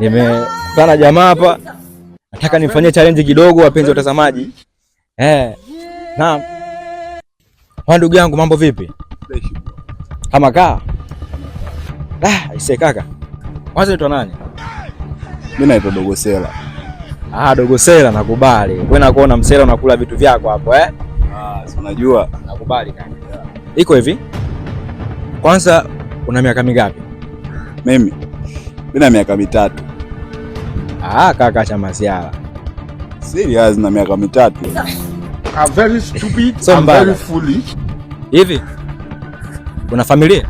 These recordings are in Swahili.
nimekutana jamaa hapa, nataka nimfanyie challenge kidogo, wapenzi watazamaji. Eh, naam. Wa ndugu yangu, mambo vipi? Kama kaa ah, ise kaka, kwanza unaitwa nani? Mimi naitwa Dogosela. Ah, Dogosela, nakubali. Wewe nakuona msela unakula vitu vyako hapo eh? Ah, unajua. Nakubali kaka. Iko hivi, kwanza una miaka mingapi? Mimi mina miaka mitatu. Ah, kaka cha masiala. Serious na miaka mitatu. I'm very stupid, I'm very foolish. Hivi una familia?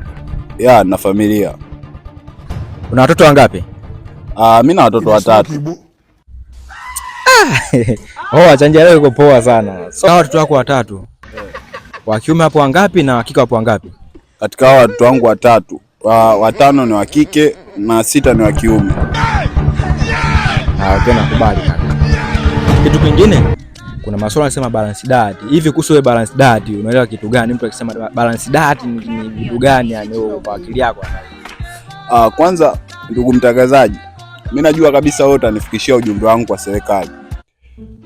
Ya, na familia. Una watoto wangapi? Ah, mimi na watoto watatu. Ah, oh, chanja leo iko poa sana. So, watoto wako watatu wa kiume hapo wangapi na wa kike hapo wangapi? Katika hao watoto wangu watatu, ah, watano ni wa kike na sita ni wa kiume. Ah, nakubali kaka. Kitu kingine kuna masuala yanasema balance diet. Hivi kuhusu wewe balance diet unaelewa kitu gani? Mtu akisema balance diet ni kitu gani yani wewe kwa akili yako? Uh, kwanza ndugu mtangazaji, mimi najua kabisa wewe utanifikishia ujumbe wangu kwa serikali.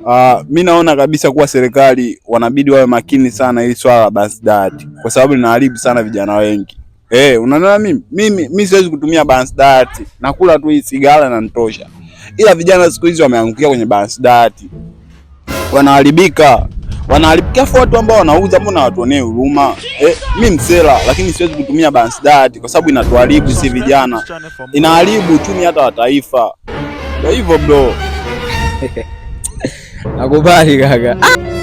Uh, mi naona kabisa kuwa serikali wanabidi wawe makini sana ili swala la balance diet, kwa sababu linaharibu sana vijana wengi. Eh, unanana mimi mimi mimi siwezi kutumia balance diet. Nakula tu hii sigara na nitosha. Ila vijana siku hizi wameangukia kwenye balance diet. Wanaharibika. Wanaharibika kwa watu ambao wanauza, mbona watuonee huruma? Eh, mimi msela lakini siwezi kutumia balance diet kwa sababu inatuharibu sisi vijana. Inaharibu uchumi hata wa taifa. Ndio hivyo bro. Nakubali kaka. Ah!